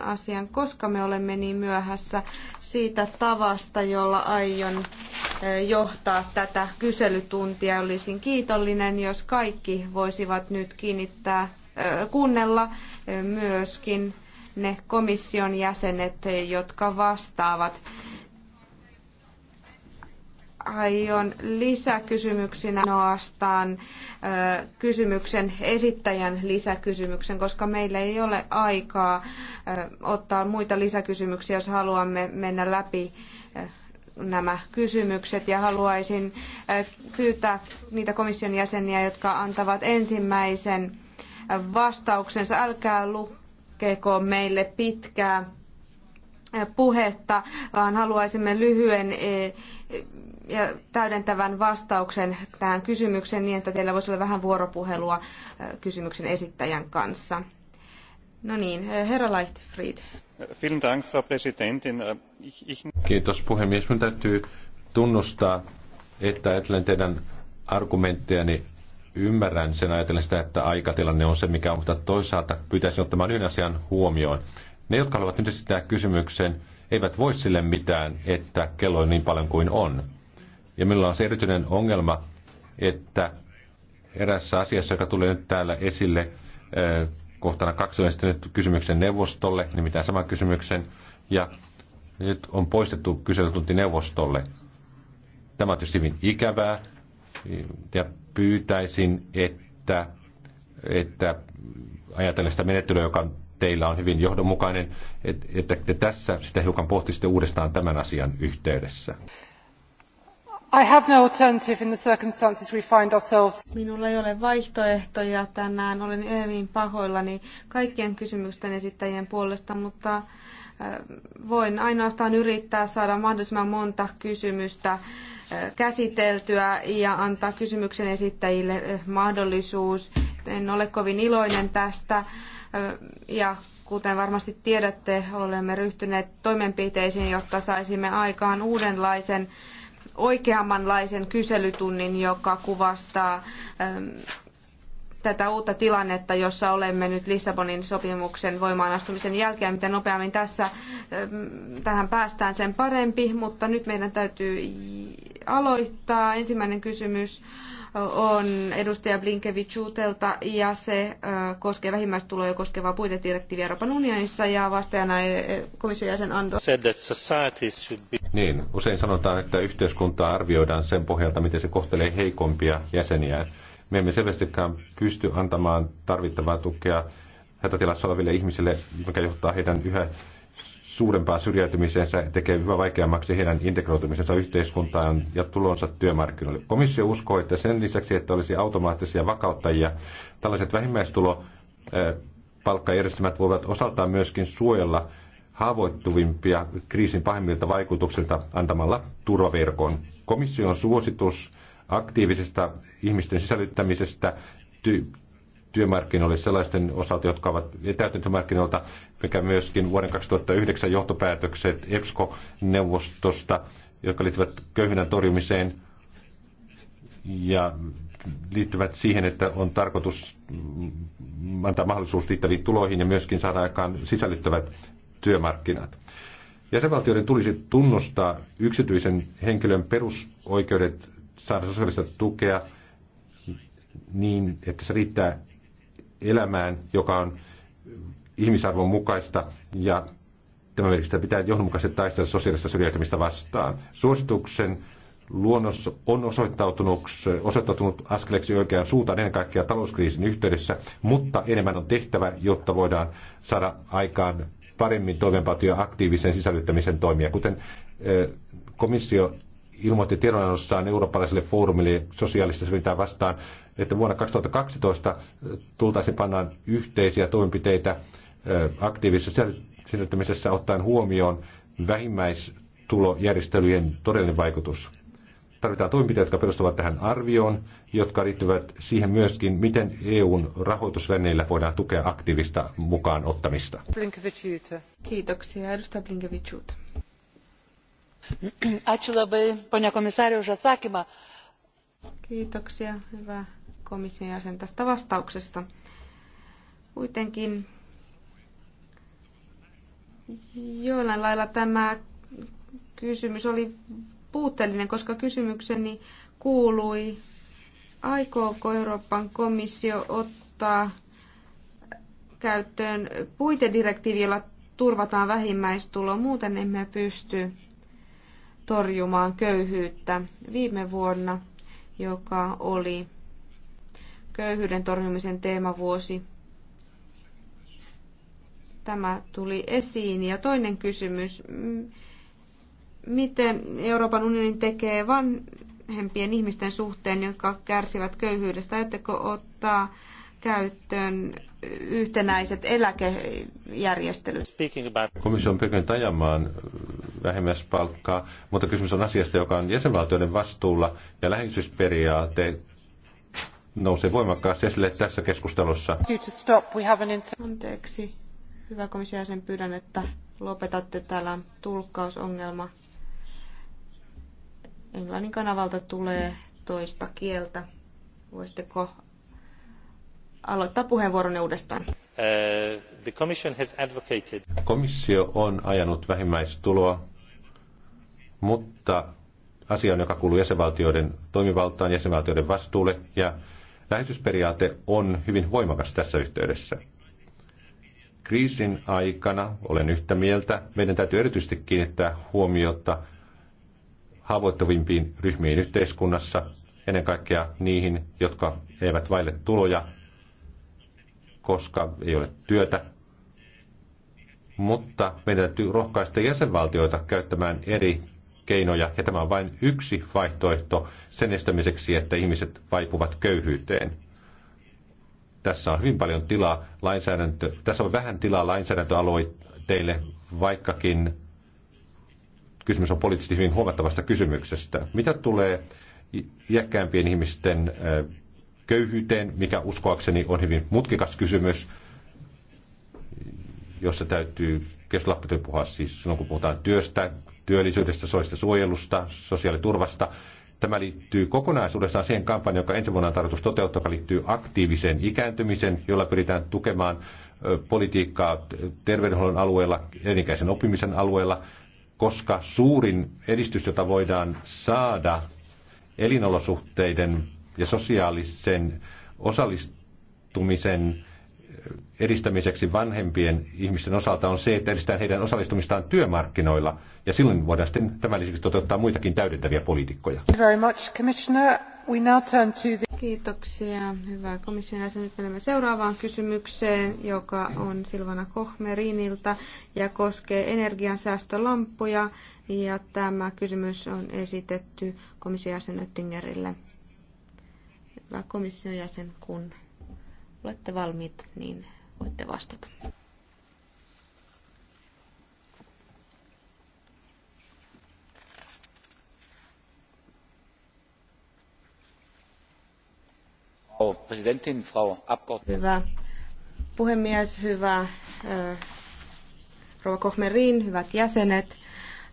asian, koska me olemme niin myöhässä siitä tavasta, jolla aion johtaa tätä kyselytuntia. Olisin kiitollinen, jos kaikki voisivat nyt kiinnittää, kuunnella myöskin ne komission jäsenet, jotka vastaavat aion lisäkysymyksinä noastaan kysymyksen esittäjän lisäkysymyksen, koska meillä ei ole aikaa ottaa muita lisäkysymyksiä, jos haluamme mennä läpi nämä kysymykset ja haluaisin pyytää niitä komission jäseniä, jotka antavat ensimmäisen vastauksensa. Älkää lukeko meille pitkää puhetta, vaan haluaisimme lyhyen e, ja täydentävän vastauksen tähän kysymykseen niin, että teillä voisi olla vähän vuoropuhelua kysymyksen esittäjän kanssa. No niin, herra Leichtfried. Kiitos puhemies. Minun täytyy tunnustaa, että ajattelen teidän argumenttejani ymmärrän sen ajatellen sitä, että aikatilanne on se mikä on, mutta toisaalta pyytäisin ottamaan yhden asian huomioon. Ne, jotka haluavat nyt esittää kysymyksen, eivät voi sille mitään, että kello on niin paljon kuin on. Ja minulla on se erityinen ongelma, että erässä asiassa, joka tulee nyt täällä esille, eh, kohtana kaksi on esittänyt kysymyksen neuvostolle, nimittäin niin saman kysymyksen, ja nyt on poistettu kyselytunti neuvostolle. Tämä on tietysti hyvin ikävää, ja pyytäisin, että, että ajatellen sitä menettelyä, joka teillä on hyvin johdonmukainen, että te tässä sitä hiukan pohtisitte uudestaan tämän asian yhteydessä. Minulla ei ole vaihtoehtoja tänään. Olen hyvin pahoillani kaikkien kysymysten esittäjien puolesta, mutta äh, voin ainoastaan yrittää saada mahdollisimman monta kysymystä äh, käsiteltyä ja antaa kysymyksen esittäjille äh, mahdollisuus. En ole kovin iloinen tästä ja kuten varmasti tiedätte, olemme ryhtyneet toimenpiteisiin, jotta saisimme aikaan uudenlaisen oikeammanlaisen kyselytunnin, joka kuvastaa ähm, tätä uutta tilannetta, jossa olemme nyt Lissabonin sopimuksen voimaan astumisen jälkeen. Mitä nopeammin tässä, ähm, tähän päästään, sen parempi, mutta nyt meidän täytyy aloittaa. Ensimmäinen kysymys on edustaja Blinkevichuutelta ja se äh, koskee vähimmäistuloja koskevaa puitedirektiiviä Euroopan unionissa ja vastaajana äh, komission jäsen Andor. Niin, usein sanotaan, että yhteiskuntaa arvioidaan sen pohjalta, miten se kohtelee heikompia jäseniä. Me emme selvästikään pysty antamaan tarvittavaa tukea hätätilassa oleville ihmisille, mikä johtaa heidän yhä suurempaan syrjäytymiseensä tekee hyvä vaikeammaksi heidän integroitumisensa yhteiskuntaan ja tulonsa työmarkkinoille. Komissio uskoo, että sen lisäksi, että olisi automaattisia vakauttajia, tällaiset vähimmäistulopalkkajärjestelmät voivat osaltaan myöskin suojella haavoittuvimpia kriisin pahimmilta vaikutuksilta antamalla turvaverkon. Komission suositus aktiivisesta ihmisten sisällyttämisestä työmarkkinoille sellaisten osalta, jotka ovat etäytyneet markkinoilta, mikä myöskin vuoden 2009 johtopäätökset EPSCO-neuvostosta, jotka liittyvät köyhyyden torjumiseen ja liittyvät siihen, että on tarkoitus antaa mahdollisuus liittäviin tuloihin ja myöskin saada aikaan sisällyttävät työmarkkinat. Jäsenvaltioiden tulisi tunnustaa yksityisen henkilön perusoikeudet saada sosiaalista tukea niin, että se riittää elämään, joka on ihmisarvon mukaista ja tämä merkistä pitää johdonmukaisesti taistella sosiaalista syrjäytymistä vastaan. Suosituksen luonnos on osoittautunut, osoittautunut askeleeksi oikeaan suuntaan ennen kaikkea talouskriisin yhteydessä, mutta enemmän on tehtävä, jotta voidaan saada aikaan paremmin toimeenpatoja aktiivisen sisällyttämisen toimia. Kuten komissio ilmoitti tiedonannossaan eurooppalaiselle foorumille sosiaalista syrjintää vastaan, että vuonna 2012 tultaisiin pannaan yhteisiä toimenpiteitä aktiivisessa sisältymisessä ottaen huomioon vähimmäistulojärjestelyjen todellinen vaikutus. Tarvitaan toimenpiteitä, jotka perustuvat tähän arvioon, jotka liittyvät siihen myöskin, miten EUn rahoitusvenneillä voidaan tukea aktiivista mukaan ottamista. Kiitoksia. Edustaja Blinkevičiuta. Kiitoksia, hyvä komission jäsen tästä vastauksesta. Kuitenkin jollain lailla tämä kysymys oli puutteellinen, koska kysymykseni kuului, aikooko Euroopan komissio ottaa käyttöön puitedirektiivi, jolla turvataan vähimmäistulo, muuten emme pysty torjumaan köyhyyttä viime vuonna, joka oli köyhyyden torjumisen teemavuosi. Tämä tuli esiin. Ja toinen kysymys, miten Euroopan unionin tekee vanhempien ihmisten suhteen, jotka kärsivät köyhyydestä? Ajatteko ottaa käyttöön yhtenäiset eläkejärjestelyt. Komissio on pyrkinyt ajamaan vähemmäspalkkaa, mutta kysymys on asiasta, joka on jäsenvaltioiden vastuulla ja läheisyysperiaate nousee voimakkaasti esille tässä keskustelussa. Anteeksi, hyvä komission jäsen, pyydän, että lopetatte. Täällä tulkkausongelma. Englannin kanavalta tulee toista kieltä. Voisitteko aloittaa puheenvuoronne uudestaan? Uh, the commission has advocated... Komissio on ajanut vähimmäistuloa, mutta asia on, joka kuuluu jäsenvaltioiden toimivaltaan, jäsenvaltioiden vastuulle, ja Läheisyysperiaate on hyvin voimakas tässä yhteydessä. Kriisin aikana, olen yhtä mieltä, meidän täytyy erityisesti kiinnittää huomiota haavoittuvimpiin ryhmiin yhteiskunnassa, ennen kaikkea niihin, jotka eivät vaille tuloja, koska ei ole työtä. Mutta meidän täytyy rohkaista jäsenvaltioita käyttämään eri keinoja, ja tämä on vain yksi vaihtoehto sen estämiseksi, että ihmiset vaipuvat köyhyyteen. Tässä on hyvin paljon tilaa lainsäädäntö, tässä on vähän tilaa lainsäädäntöaloitteille, vaikkakin kysymys on poliittisesti hyvin huomattavasta kysymyksestä. Mitä tulee iäkkäämpien ihmisten köyhyyteen, mikä uskoakseni on hyvin mutkikas kysymys, jossa täytyy keskustella puhua siis silloin, kun puhutaan työstä, työllisyydestä, soista suojelusta, sosiaaliturvasta. Tämä liittyy kokonaisuudessaan siihen kampanjaan, joka ensi vuonna on tarkoitus toteuttaa, joka liittyy aktiiviseen ikääntymiseen, jolla pyritään tukemaan politiikkaa terveydenhuollon alueella, elinikäisen oppimisen alueella, koska suurin edistys, jota voidaan saada elinolosuhteiden ja sosiaalisen osallistumisen edistämiseksi vanhempien ihmisten osalta on se, että edistetään heidän osallistumistaan työmarkkinoilla, ja silloin voidaan sitten tämän lisäksi toteuttaa muitakin täydentäviä poliitikkoja. Kiitoksia, hyvä komission jäsen. Nyt menemme seuraavaan kysymykseen, joka on Silvana Kohmerinilta ja koskee energiansäästölampuja. Ja tämä kysymys on esitetty komission jäsen Oettingerille. Hyvä komission jäsen, kun olette valmiit, niin voitte vastata. Hyvä puhemies, hyvä rouva Kohmerin, hyvät jäsenet.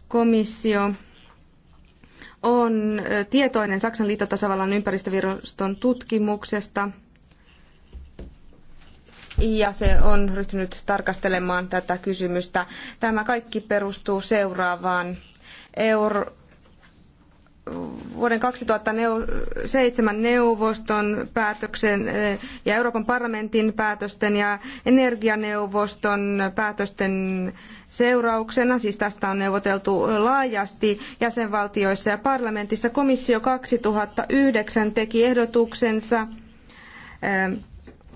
Komissio on tietoinen Saksan liittotasavallan ympäristöviraston tutkimuksesta – ja se on ryhtynyt tarkastelemaan tätä kysymystä. Tämä kaikki perustuu seuraavaan. Euro, vuoden 2007 neuvoston päätöksen eh, ja Euroopan parlamentin päätösten ja energianeuvoston päätösten seurauksena, siis tästä on neuvoteltu laajasti jäsenvaltioissa ja parlamentissa, komissio 2009 teki ehdotuksensa eh,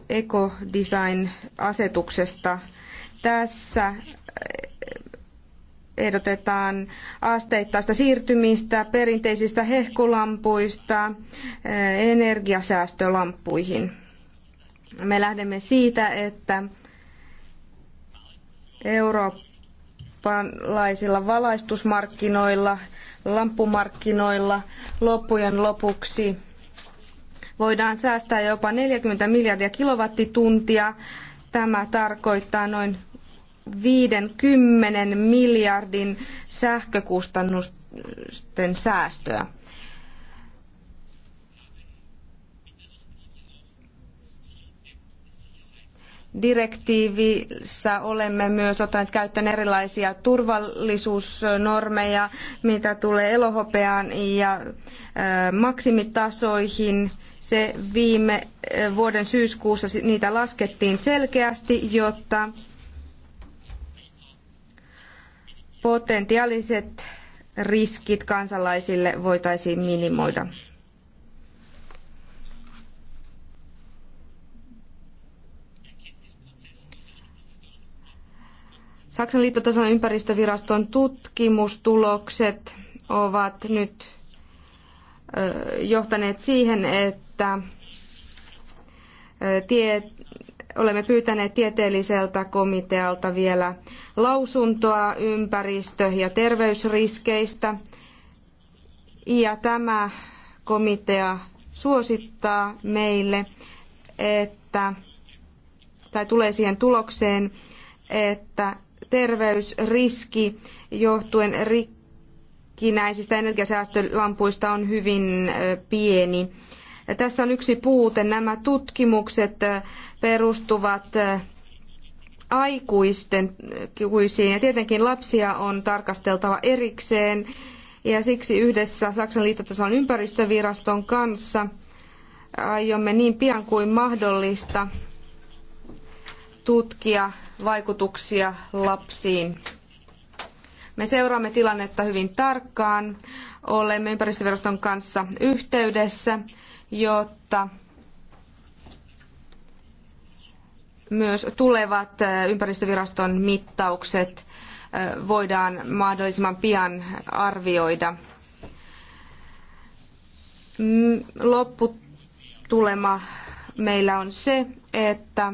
ekodesign-asetuksesta. Tässä eh, ehdotetaan asteittaista siirtymistä perinteisistä hehkulampuista eh, energiasäästölampuihin. Me lähdemme siitä, että eurooppalaisilla valaistusmarkkinoilla, lampumarkkinoilla loppujen lopuksi voidaan säästää jopa 40 miljardia kilowattituntia. Tämä tarkoittaa noin 50 miljardin sähkökustannusten säästöä. direktiivissä olemme myös ottaneet käyttöön erilaisia turvallisuusnormeja, mitä tulee elohopeaan ja maksimitasoihin. Se viime vuoden syyskuussa niitä laskettiin selkeästi, jotta potentiaaliset riskit kansalaisille voitaisiin minimoida. Saksan liittotason ympäristöviraston tutkimustulokset ovat nyt johtaneet siihen, että että tie, olemme pyytäneet tieteelliseltä komitealta vielä lausuntoa ympäristö- ja terveysriskeistä. Ja tämä komitea suosittaa meille, että, tai tulee siihen tulokseen, että terveysriski johtuen rikkinäisistä energiasäästölampuista on hyvin pieni tässä on yksi puute. Nämä tutkimukset äh, perustuvat äh, aikuisten kuisiin ja tietenkin lapsia on tarkasteltava erikseen ja siksi yhdessä Saksan liittotason ympäristöviraston kanssa aiomme niin pian kuin mahdollista tutkia vaikutuksia lapsiin. Me seuraamme tilannetta hyvin tarkkaan, olemme ympäristöviraston kanssa yhteydessä jotta myös tulevat ympäristöviraston mittaukset voidaan mahdollisimman pian arvioida. Mm, lopputulema meillä on se, että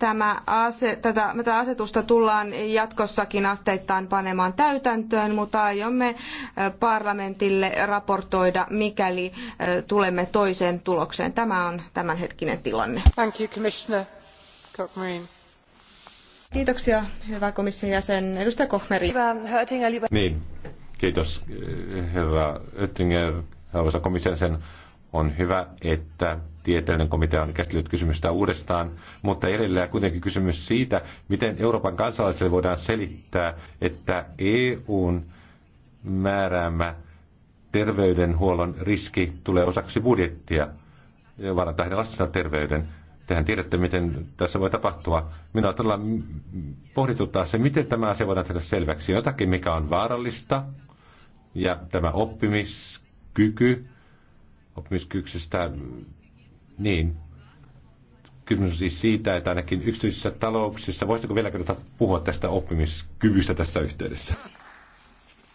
tämä ase, tätä, tätä asetusta tullaan jatkossakin asteittain panemaan täytäntöön, mutta aiomme parlamentille raportoida, mikäli tulemme toiseen tulokseen. Tämä on tämänhetkinen tilanne. Thank you, Commissioner Scott Kiitoksia, hyvä komission jäsen. Edustaja Kohmeri. Niin, kiitos eh, herra Oettinger, arvoisa komission jäsen. On hyvä, että tieteellinen komitea on käsitellyt kysymystä uudestaan, mutta edelleen kuitenkin kysymys siitä, miten Euroopan kansalaisille voidaan selittää, että EUn määräämä terveydenhuollon riski tulee osaksi budjettia vaan tähden lasten terveyden. Tehän tiedätte, miten tässä voi tapahtua. Minä todella pohdituttaa se, miten tämä asia voidaan tehdä selväksi. Jotakin, mikä on vaarallista, ja tämä oppimiskyky, oppimiskyksestä niin. Kysymys on siis siitä, että ainakin yksityisissä talouksissa, voisitko vielä kertoa puhua tästä oppimiskyvystä tässä yhteydessä?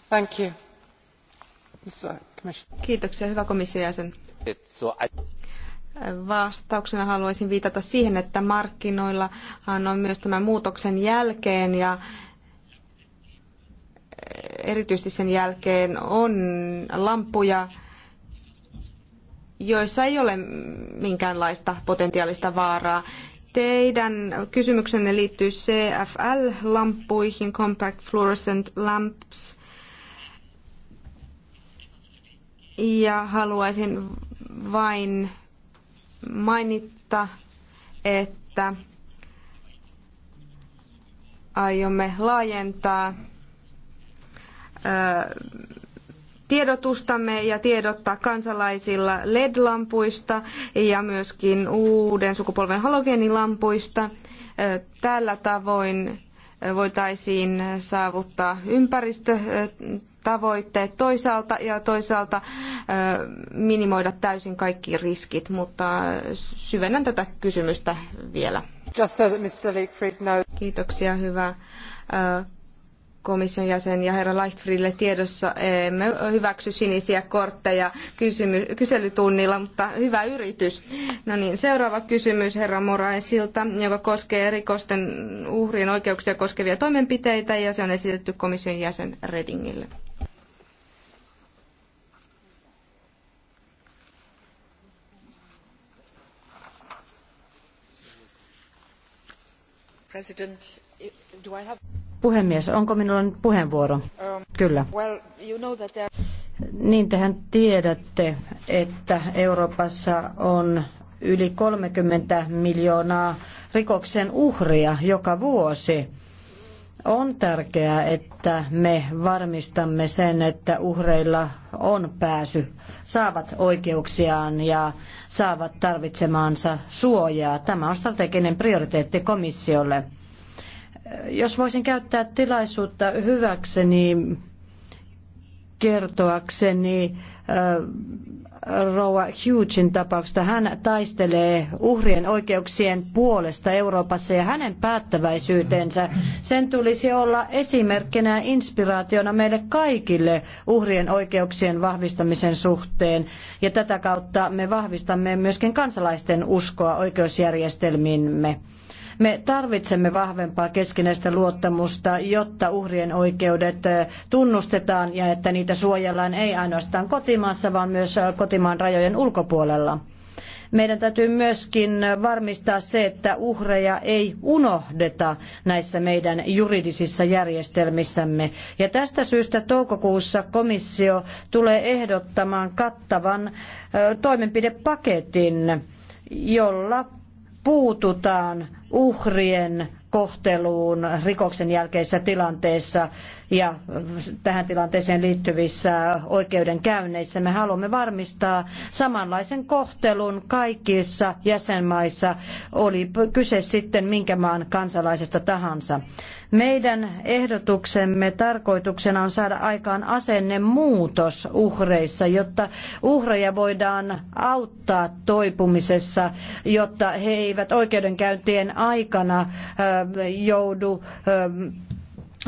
Thank you. Kiitoksia, hyvä komission jäsen. Vastauksena haluaisin viitata siihen, että markkinoilla on myös tämän muutoksen jälkeen ja erityisesti sen jälkeen on lampuja, joissa ei ole minkäänlaista potentiaalista vaaraa. Teidän kysymyksenne liittyy cfl lampuihin Compact Fluorescent Lamps. Ja haluaisin vain mainita, että aiomme laajentaa tiedotustamme ja tiedottaa kansalaisilla LED-lampuista ja myöskin uuden sukupolven halogeenilampuista. Tällä tavoin voitaisiin saavuttaa ympäristötavoitteet toisaalta ja toisaalta minimoida täysin kaikki riskit, mutta syvennän tätä kysymystä vielä. Kiitoksia, hyvä komission jäsen ja herra Leichtfriedille tiedossa. Emme hyväksy sinisiä kortteja kysymy- kyselytunnilla, mutta hyvä yritys. No niin, seuraava kysymys herra Moraesilta, joka koskee rikosten uhrien oikeuksia koskevia toimenpiteitä ja se on esitetty komission jäsen Redingille. President, do I have... Puhemies, onko minulla nyt puheenvuoro? Kyllä. Well, you know that there... Niin tehän tiedätte, että Euroopassa on yli 30 miljoonaa rikoksen uhria joka vuosi. On tärkeää, että me varmistamme sen, että uhreilla on pääsy, saavat oikeuksiaan ja saavat tarvitsemaansa suojaa. Tämä on strateginen prioriteetti komissiolle. Jos voisin käyttää tilaisuutta hyväkseni kertoakseni äh, Rouva Hughesin tapauksesta. Hän taistelee uhrien oikeuksien puolesta Euroopassa ja hänen päättäväisyytensä. Sen tulisi olla esimerkkinä ja inspiraationa meille kaikille uhrien oikeuksien vahvistamisen suhteen. Ja tätä kautta me vahvistamme myöskin kansalaisten uskoa oikeusjärjestelmiimme. Me tarvitsemme vahvempaa keskinäistä luottamusta, jotta uhrien oikeudet tunnustetaan ja että niitä suojellaan ei ainoastaan kotimaassa, vaan myös kotimaan rajojen ulkopuolella. Meidän täytyy myöskin varmistaa se, että uhreja ei unohdeta näissä meidän juridisissa järjestelmissämme. Ja tästä syystä toukokuussa komissio tulee ehdottamaan kattavan toimenpidepaketin, jolla puututaan uhrien kohteluun rikoksen jälkeisessä tilanteessa ja tähän tilanteeseen liittyvissä oikeudenkäynneissä. Me haluamme varmistaa samanlaisen kohtelun kaikissa jäsenmaissa, oli kyse sitten minkä maan kansalaisesta tahansa. Meidän ehdotuksemme tarkoituksena on saada aikaan asennemuutos uhreissa, jotta uhreja voidaan auttaa toipumisessa, jotta he eivät oikeudenkäyntien aikana joudu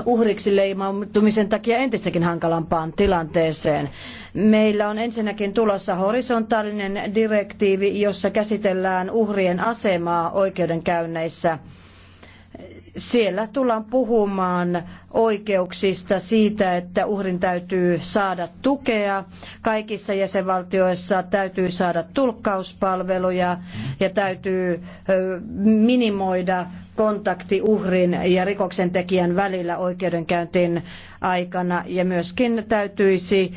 uhriksi leimautumisen takia entistäkin hankalampaan tilanteeseen. Meillä on ensinnäkin tulossa horisontaalinen direktiivi, jossa käsitellään uhrien asemaa oikeudenkäynneissä. Siellä tullaan puhumaan oikeuksista siitä, että uhrin täytyy saada tukea. Kaikissa jäsenvaltioissa täytyy saada tulkkauspalveluja ja täytyy minimoida kontakti uhrin ja rikoksentekijän välillä oikeudenkäyntiin aikana ja myöskin täytyisi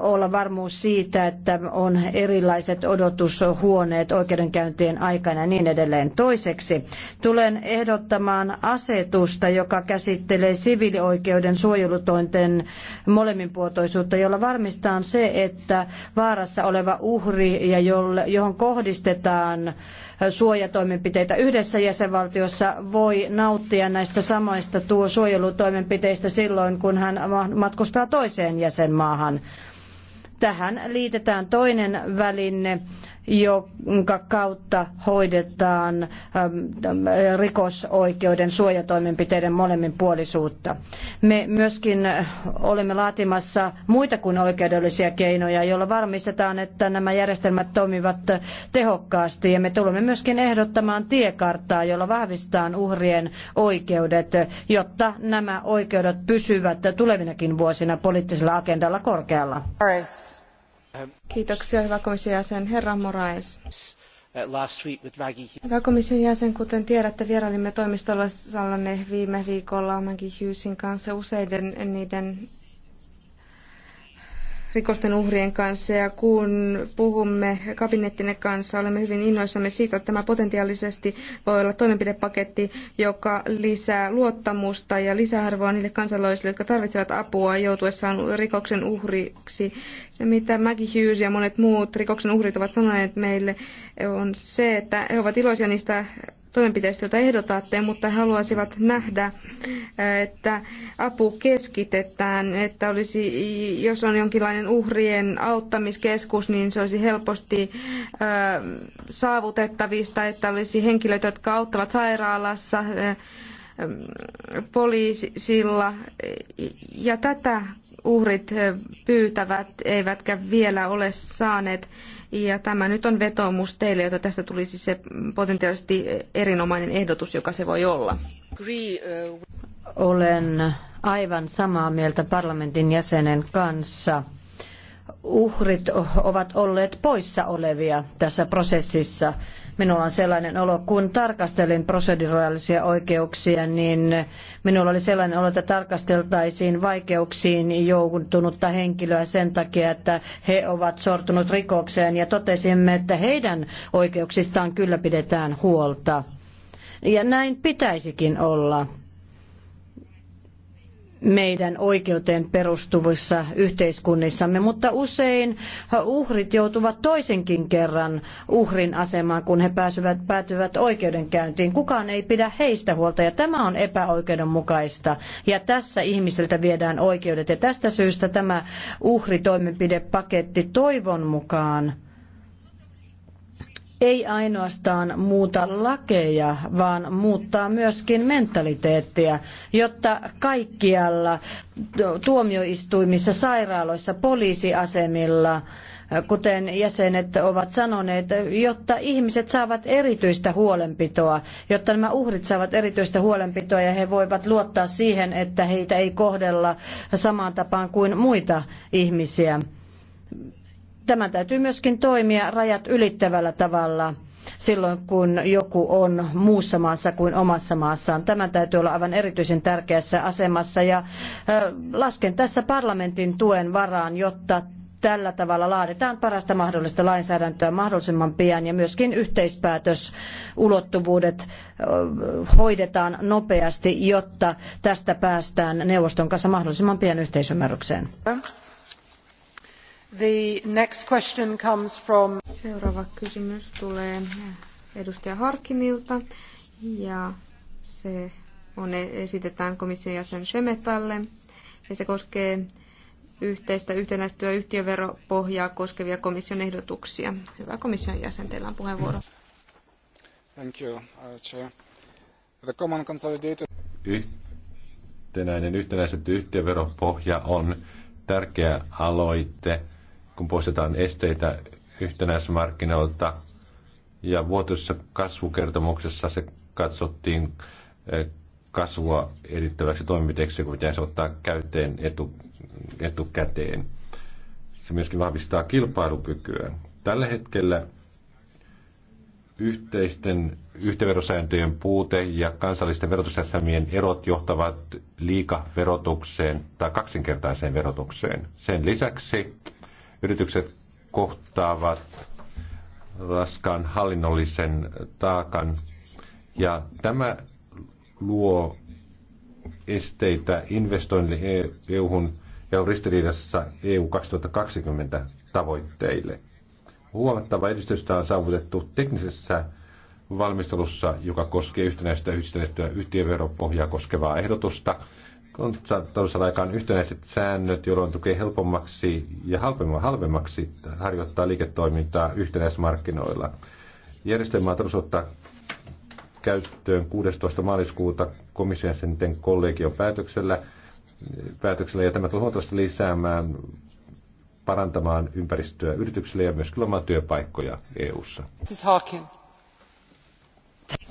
olla varmuus siitä, että on erilaiset odotushuoneet oikeudenkäyntien aikana ja niin edelleen. Toiseksi tulen ehdottamaan asetusta, joka käsittelee siviilioikeuden suojelutointen molemminpuotoisuutta, jolla varmistetaan se, että vaarassa oleva uhri ja johon kohdistetaan suojatoimenpiteitä yhdessä jäsenvaltiossa voi nauttia näistä samoista tuo suojelutoimenpiteistä silloin, kun hän matkustaa toiseen jäsenmaahan. Tähän liitetään toinen väline, jonka kautta hoidetaan ähm, ähm, rikosoikeuden suojatoimenpiteiden molemminpuolisuutta. Me myöskin äh, olemme laatimassa muita kuin oikeudellisia keinoja, joilla varmistetaan, että nämä järjestelmät toimivat äh, tehokkaasti ja me tulemme myöskin ehdottamaan tiekarttaa, jolla vahvistetaan uhrien oikeudet, jotta nämä oikeudet pysyvät tulevinakin vuosina poliittisella agendalla korkealla. Paris. Kiitoksia, hyvä komission jäsen. Herra Moraes. Uh, hyvä komission jäsen, kuten tiedätte, vierailimme toimistolla viime viikolla Maggie Hughesin kanssa useiden niiden rikosten uhrien kanssa ja kun puhumme kabinettinne kanssa, olemme hyvin innoissamme siitä, että tämä potentiaalisesti voi olla toimenpidepaketti, joka lisää luottamusta ja lisäarvoa niille kansalaisille, jotka tarvitsevat apua joutuessaan rikoksen uhriksi. Se, mitä Maggie Hughes ja monet muut rikoksen uhrit ovat sanoneet meille, on se, että he ovat iloisia niistä toimenpiteistä, joita ehdotatte, mutta he haluaisivat nähdä, että apu keskitetään, että olisi, jos on jonkinlainen uhrien auttamiskeskus, niin se olisi helposti saavutettavista, että olisi henkilöitä, jotka auttavat sairaalassa, poliisilla ja tätä uhrit pyytävät eivätkä vielä ole saaneet ja tämä nyt on vetoomus teille, jota tästä tulisi se potentiaalisesti erinomainen ehdotus, joka se voi olla. Olen aivan samaa mieltä parlamentin jäsenen kanssa uhrit ovat olleet poissa olevia tässä prosessissa. Minulla on sellainen olo, kun tarkastelin proseduraalisia oikeuksia, niin minulla oli sellainen olo, että tarkasteltaisiin vaikeuksiin joutunutta henkilöä sen takia, että he ovat sortunut rikokseen ja totesimme, että heidän oikeuksistaan kyllä pidetään huolta. Ja näin pitäisikin olla meidän oikeuteen perustuvissa yhteiskunnissamme, mutta usein uhrit joutuvat toisenkin kerran uhrin asemaan, kun he pääsevät, päätyvät oikeudenkäyntiin. Kukaan ei pidä heistä huolta ja tämä on epäoikeudenmukaista ja tässä ihmisiltä viedään oikeudet ja tästä syystä tämä uhritoimenpidepaketti toivon mukaan ei ainoastaan muuta lakeja, vaan muuttaa myöskin mentaliteettiä, jotta kaikkialla tuomioistuimissa, sairaaloissa, poliisiasemilla, kuten jäsenet ovat sanoneet, jotta ihmiset saavat erityistä huolenpitoa, jotta nämä uhrit saavat erityistä huolenpitoa ja he voivat luottaa siihen, että heitä ei kohdella samaan tapaan kuin muita ihmisiä Tämä täytyy myöskin toimia rajat ylittävällä tavalla silloin, kun joku on muussa maassa kuin omassa maassaan. Tämä täytyy olla aivan erityisen tärkeässä asemassa ja lasken tässä parlamentin tuen varaan, jotta tällä tavalla laaditaan parasta mahdollista lainsäädäntöä mahdollisimman pian ja myöskin yhteispäätösulottuvuudet hoidetaan nopeasti, jotta tästä päästään neuvoston kanssa mahdollisimman pian yhteisymmärrykseen. The next question comes from... Seuraava kysymys tulee edustaja Harkimilta ja se on, esitetään komission jäsen Shemetalle ja se koskee yhteistä yhtenäistyä yhtiöveropohjaa koskevia komission ehdotuksia. Hyvä komission jäsen, teillä on puheenvuoro. Thank you, uh, Chair. The common consolidated... Yhtenäinen yhtenäistetty yhtiöveropohja on tärkeä aloite kun poistetaan esteitä yhtenäismarkkinoilta. Ja vuotuisessa kasvukertomuksessa se katsottiin eh, kasvua edittäväksi toimenpiteeksi, kun pitäisi ottaa käyteen etu, etukäteen. Se myöskin vahvistaa kilpailukykyä. Tällä hetkellä yhteisten yhteverosääntöjen puute ja kansallisten verotusjärjestelmien erot johtavat liikaverotukseen tai kaksinkertaiseen verotukseen. Sen lisäksi yritykset kohtaavat raskaan hallinnollisen taakan. Ja tämä luo esteitä investoinnille EU-hun ja on ristiriidassa EU 2020 tavoitteille. Huomattava edistystä on saavutettu teknisessä valmistelussa, joka koskee yhtenäistä yhdistelettyä yhtiöveropohjaa koskevaa ehdotusta – on toisella aikaan yhtenäiset säännöt, jolloin tukee helpommaksi ja halvemmaksi harjoittaa liiketoimintaa yhtenäismarkkinoilla. Järjestelmä on, ottaa käyttöön 16. maaliskuuta komission sen kollegion päätöksellä, päätöksellä ja tämä tulee huomattavasti lisäämään parantamaan ympäristöä yrityksille ja myös lomatyöpaikkoja työpaikkoja EU-ssa.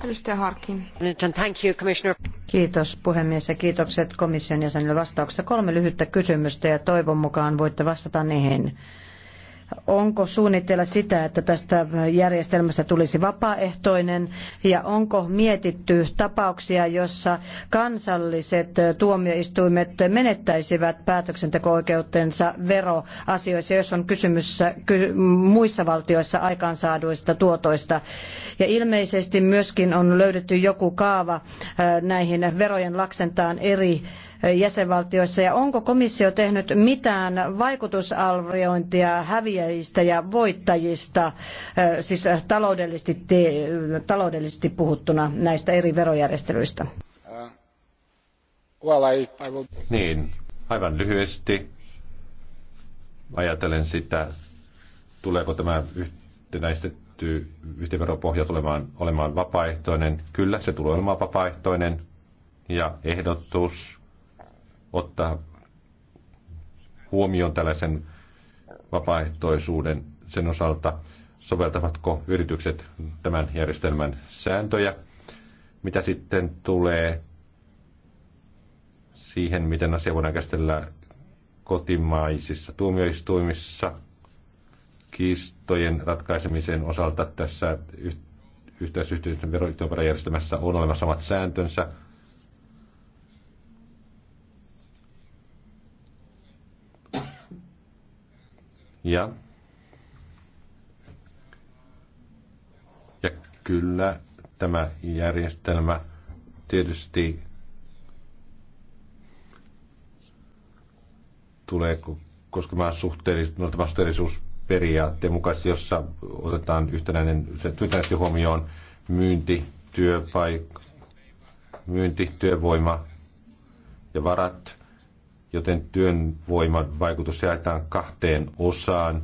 Edustaja Kiitos puhemies ja kiitokset komission jäsenille vastauksesta. Kolme lyhyttä kysymystä ja toivon mukaan voitte vastata niihin. Onko suunnitteilla sitä, että tästä järjestelmästä tulisi vapaaehtoinen ja onko mietitty tapauksia, jossa kansalliset tuomioistuimet menettäisivät päätöksenteko-oikeutensa veroasioissa, jos on kysymys muissa valtioissa aikaansaaduista tuotoista. Ja ilmeisesti myöskin on löydetty joku kaava äh, näihin verojen laksentaan eri jäsenvaltioissa ja onko komissio tehnyt mitään vaikutusarviointia häviäjistä ja voittajista, siis taloudellisesti, taloudellisesti puhuttuna näistä eri verojärjestelyistä? Uh, niin, aivan lyhyesti ajatellen sitä, tuleeko tämä yhtenäistetty yhteenveropohja tulemaan olemaan vapaaehtoinen. Kyllä, se tulee olemaan vapaaehtoinen. Ja ehdotus ottaa huomioon tällaisen vapaaehtoisuuden sen osalta, soveltavatko yritykset tämän järjestelmän sääntöjä. Mitä sitten tulee siihen, miten asia voidaan käsitellä kotimaisissa tuomioistuimissa kiistojen ratkaisemisen osalta tässä yhteisyhteisön verojärjestelmässä on olemassa omat sääntönsä, Ja, ja kyllä tämä järjestelmä tietysti tulee koskemaan suhteellisuusperiaatteen mukaisesti, jossa otetaan yhtenäinen, yhtenäisesti huomioon myynti, työpaik, myynti, työvoima ja varat joten voiman vaikutus jaetaan kahteen osaan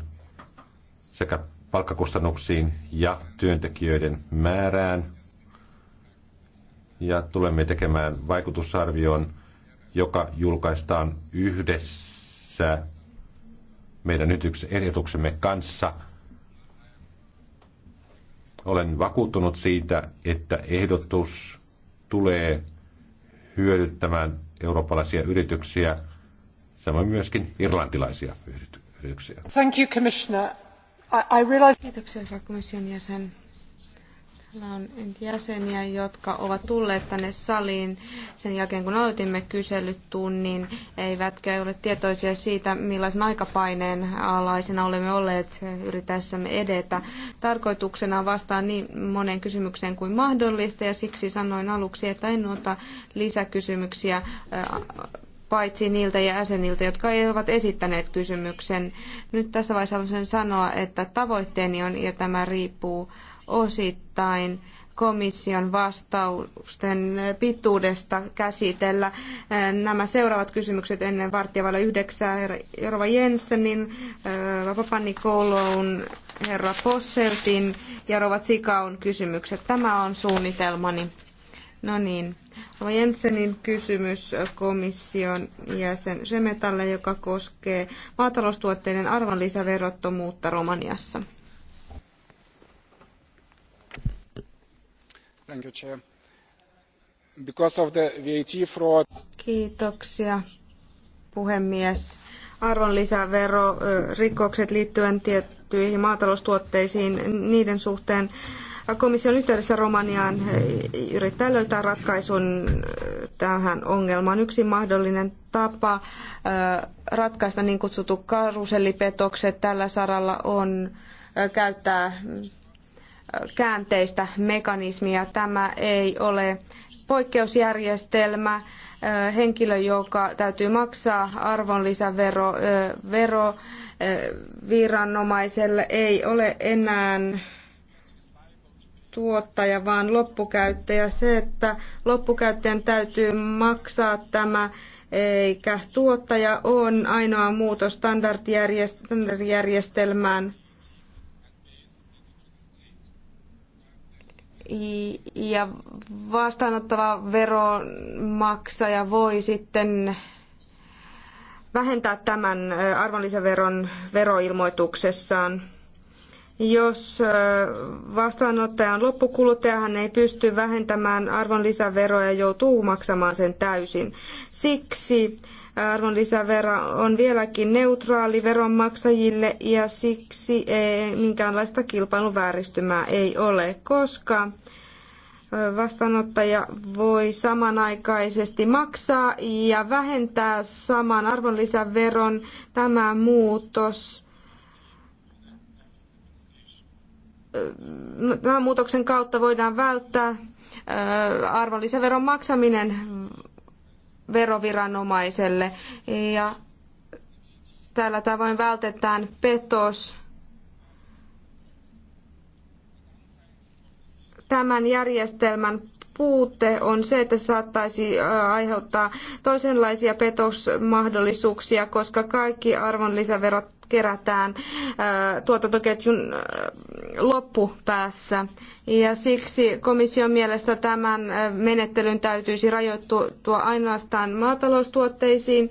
sekä palkkakustannuksiin ja työntekijöiden määrään. Ja tulemme tekemään vaikutusarvion, joka julkaistaan yhdessä meidän ehdotuksemme kanssa. Olen vakuuttunut siitä, että ehdotus tulee hyödyttämään eurooppalaisia yrityksiä – samoin myöskin irlantilaisia yrityksiä. Thank you, Commissioner. I, I realize... Kiitoksia, hyvä komission jäsen. Täällä on jäseniä, jotka ovat tulleet tänne saliin sen jälkeen, kun aloitimme kyselytunnin, eivätkä ole tietoisia siitä, millaisen aikapaineen alaisena olemme olleet yritäessämme edetä. Tarkoituksena on vastaa niin moneen kysymykseen kuin mahdollista, ja siksi sanoin aluksi, että en ota lisäkysymyksiä paitsi niiltä jäseniltä, jotka ovat esittäneet kysymyksen. Nyt tässä vaiheessa haluaisin sanoa, että tavoitteeni on, ja tämä riippuu osittain komission vastausten pituudesta käsitellä eh, nämä seuraavat kysymykset ennen vartijavailla yhdeksää herra Jorva Jensenin, eh, Vapani Koulun, herra Posseltin ja Rova Sikaun kysymykset. Tämä on suunnitelmani. No niin, Jensenin kysymys komission jäsen Semetalle, joka koskee maataloustuotteiden arvonlisäverottomuutta Romaniassa. Thank you, Chair. Because of the VAT fraud... Kiitoksia, puhemies. Arvonlisäverorikokset liittyen tiettyihin maataloustuotteisiin, niiden suhteen komission yhteydessä Romaniaan yrittää löytää ratkaisun äh, tähän ongelmaan. Yksi mahdollinen tapa äh, ratkaista niin kutsuttu karusellipetokset tällä saralla on äh, käyttää käänteistä mekanismia. Tämä ei ole poikkeusjärjestelmä. Henkilö, joka täytyy maksaa arvonlisävero vero viranomaiselle, ei ole enää tuottaja, vaan loppukäyttäjä. Se, että loppukäyttäjän täytyy maksaa tämä eikä tuottaja on ainoa muutos standardijärjestelmään. Ja vastaanottava veronmaksaja voi sitten vähentää tämän arvonlisäveron veroilmoituksessaan. Jos vastaanottaja on loppukuluttaja, hän ei pysty vähentämään arvonlisäveroa, ja joutuu maksamaan sen täysin. Siksi arvonlisävero on vieläkin neutraali veronmaksajille ja siksi ei, minkäänlaista kilpailuvääristymää ei ole, koska vastaanottaja voi samanaikaisesti maksaa ja vähentää saman arvonlisäveron. Tämä muutos tämän muutoksen kautta voidaan välttää äh, arvonlisäveron maksaminen veroviranomaiselle ja tällä tavoin vältetään petos. Tämän järjestelmän puute on se, että se saattaisi äh, aiheuttaa toisenlaisia petosmahdollisuuksia, koska kaikki arvonlisäverot kerätään äh, tuotantoketjun äh, loppupäässä. Ja siksi komission mielestä tämän äh, menettelyn täytyisi rajoittua ainoastaan maataloustuotteisiin,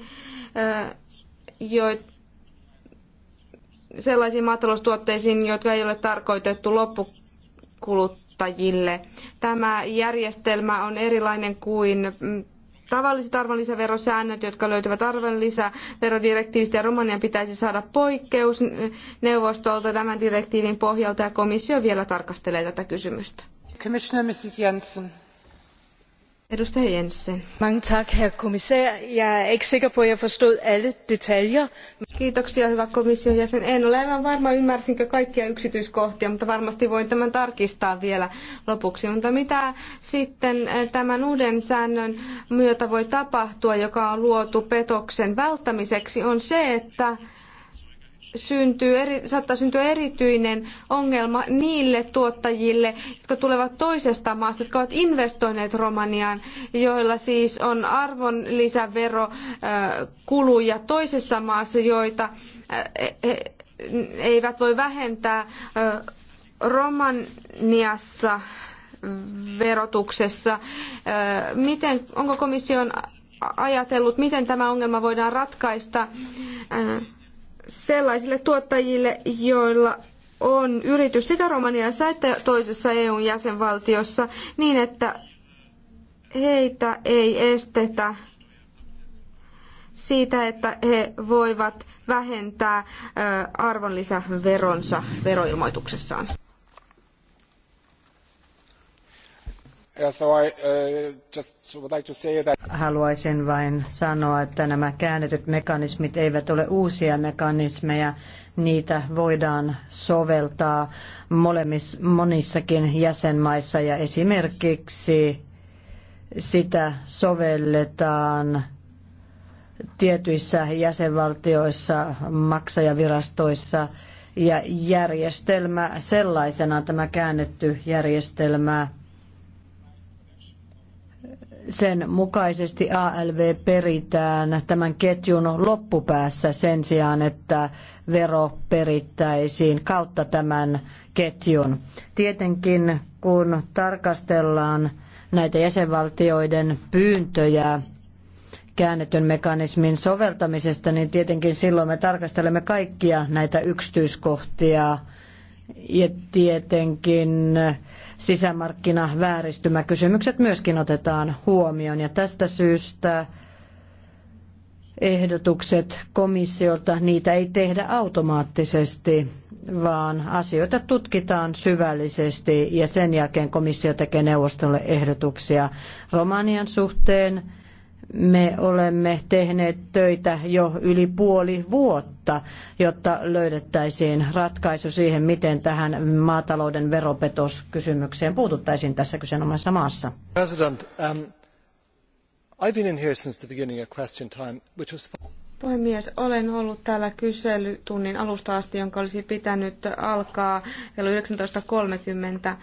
sellaisiin maataloustuotteisiin, jotka ei ole tarkoitettu loppukuluttajille. Tämä järjestelmä on erilainen kuin tavalliset arvonlisäverosäännöt, jotka löytyvät arvonlisäverodirektiivistä ja Romanian pitäisi saada poikkeus neuvostolta tämän direktiivin pohjalta ja komissio vielä tarkastelee tätä kysymystä. Commissioner Mrs. Jensen. Edustaja Jensen. Mange tak, herr kommissær. Jeg er ikke sikker på, at jeg forstod alle detaljer. Kiitoksia, hyvä komission jäsen. En ole aivan varma, ymmärsinkö kaikkia yksityiskohtia, mutta varmasti voin tämän tarkistaa vielä lopuksi. Mutta mitä sitten eh, tämän uuden säännön myötä voi tapahtua, joka on luotu petoksen välttämiseksi, on se, että syntyy eri, saattaa syntyä erityinen ongelma niille tuottajille, jotka tulevat toisesta maasta, jotka ovat investoineet Romaniaan, joilla siis on arvonlisäverokuluja toisessa maassa, joita eivät voi vähentää Romaniassa verotuksessa. Miten, onko komission ajatellut, miten tämä ongelma voidaan ratkaista? sellaisille tuottajille, joilla on yritys sekä Romaniassa että toisessa EUn jäsenvaltiossa niin, että heitä ei estetä siitä, että he voivat vähentää arvonlisäveronsa veroilmoituksessaan. Uh, Haluaisin vain sanoa, että nämä käännetyt mekanismit eivät ole uusia mekanismeja. Niitä voidaan soveltaa monissakin jäsenmaissa ja esimerkiksi sitä sovelletaan tietyissä jäsenvaltioissa, maksajavirastoissa ja järjestelmä sellaisena, tämä käännetty järjestelmä, sen mukaisesti ALV peritään tämän ketjun loppupäässä sen sijaan, että vero perittäisiin kautta tämän ketjun. Tietenkin kun tarkastellaan näitä jäsenvaltioiden pyyntöjä käännetyn mekanismin soveltamisesta, niin tietenkin silloin me tarkastelemme kaikkia näitä yksityiskohtia ja tietenkin sisämarkkinavääristymäkysymykset myöskin otetaan huomioon. Ja tästä syystä ehdotukset komissiolta, niitä ei tehdä automaattisesti, vaan asioita tutkitaan syvällisesti ja sen jälkeen komissio tekee neuvostolle ehdotuksia Romanian suhteen – me olemme tehneet töitä jo yli puoli vuotta, jotta löydettäisiin ratkaisu siihen, miten tähän maatalouden veropetoskysymykseen puututtaisiin tässä kyseenomaisessa maassa. President, um, I've been in here since the beginning of question time, which was... Puhemies, olen ollut täällä kyselytunnin alusta asti, jonka olisi pitänyt alkaa kello 19.30. Äh,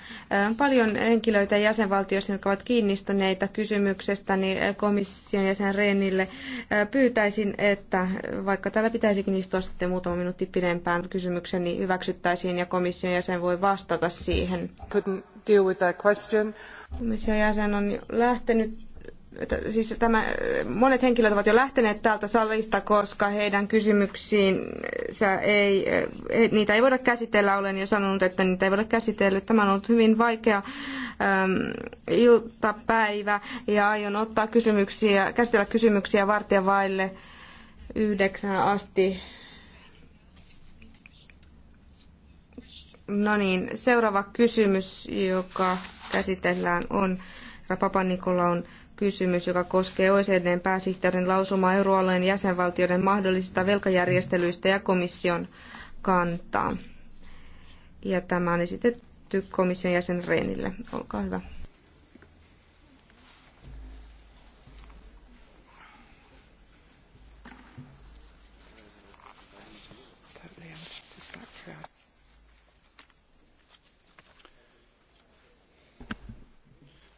paljon henkilöitä jäsenvaltioista, jotka ovat kiinnistyneitä kysymyksestäni komission jäsen Reenille. Äh, pyytäisin, että vaikka täällä pitäisikin istua sitten muutama minuutti pidempään, kysymykseni hyväksyttäisiin ja komission jäsen voi vastata siihen. Komission jäsen on lähtenyt siis tämä, monet henkilöt ovat jo lähteneet täältä salista, koska heidän kysymyksiin ei, he, eh, niitä ei voida käsitellä. Olen jo sanonut, että niitä ei voida käsitellä. Tämä on ollut hyvin vaikea äm, ehm, iltapäivä ja aion ottaa kysymyksiä, käsitellä kysymyksiä vartija vaille yhdeksän asti. No niin, seuraava kysymys, joka käsitellään, on Rapapa Nikolaun kysymys, joka koskee OECDn pääsihteerin lausumaa euroalueen jäsenvaltioiden mahdollisista velkajärjestelyistä ja komission kantaa. Ja tämä on esitetty komission jäsen Reenille. Olkaa hyvä.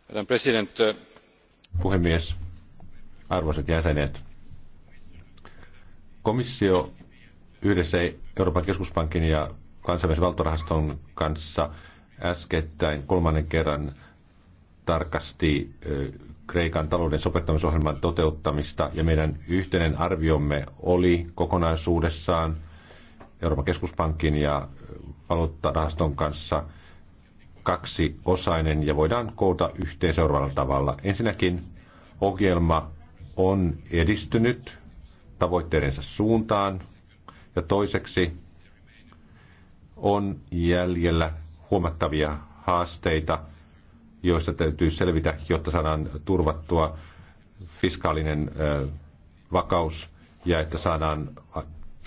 Madam President, uh, Puhemies, arvoisat jäsenet, komissio yhdessä Euroopan keskuspankin ja kansainvälisen valtorahaston kanssa äskettäin kolmannen kerran tarkasti Kreikan talouden sopeuttamisohjelman toteuttamista ja meidän yhteinen arviomme oli kokonaisuudessaan Euroopan keskuspankin ja valuuttarahaston kanssa – kaksiosainen ja voidaan koota yhteen seuraavalla tavalla. Ensinnäkin ohjelma on edistynyt tavoitteidensa suuntaan ja toiseksi on jäljellä huomattavia haasteita, joista täytyy selvitä, jotta saadaan turvattua fiskaalinen vakaus ja että saadaan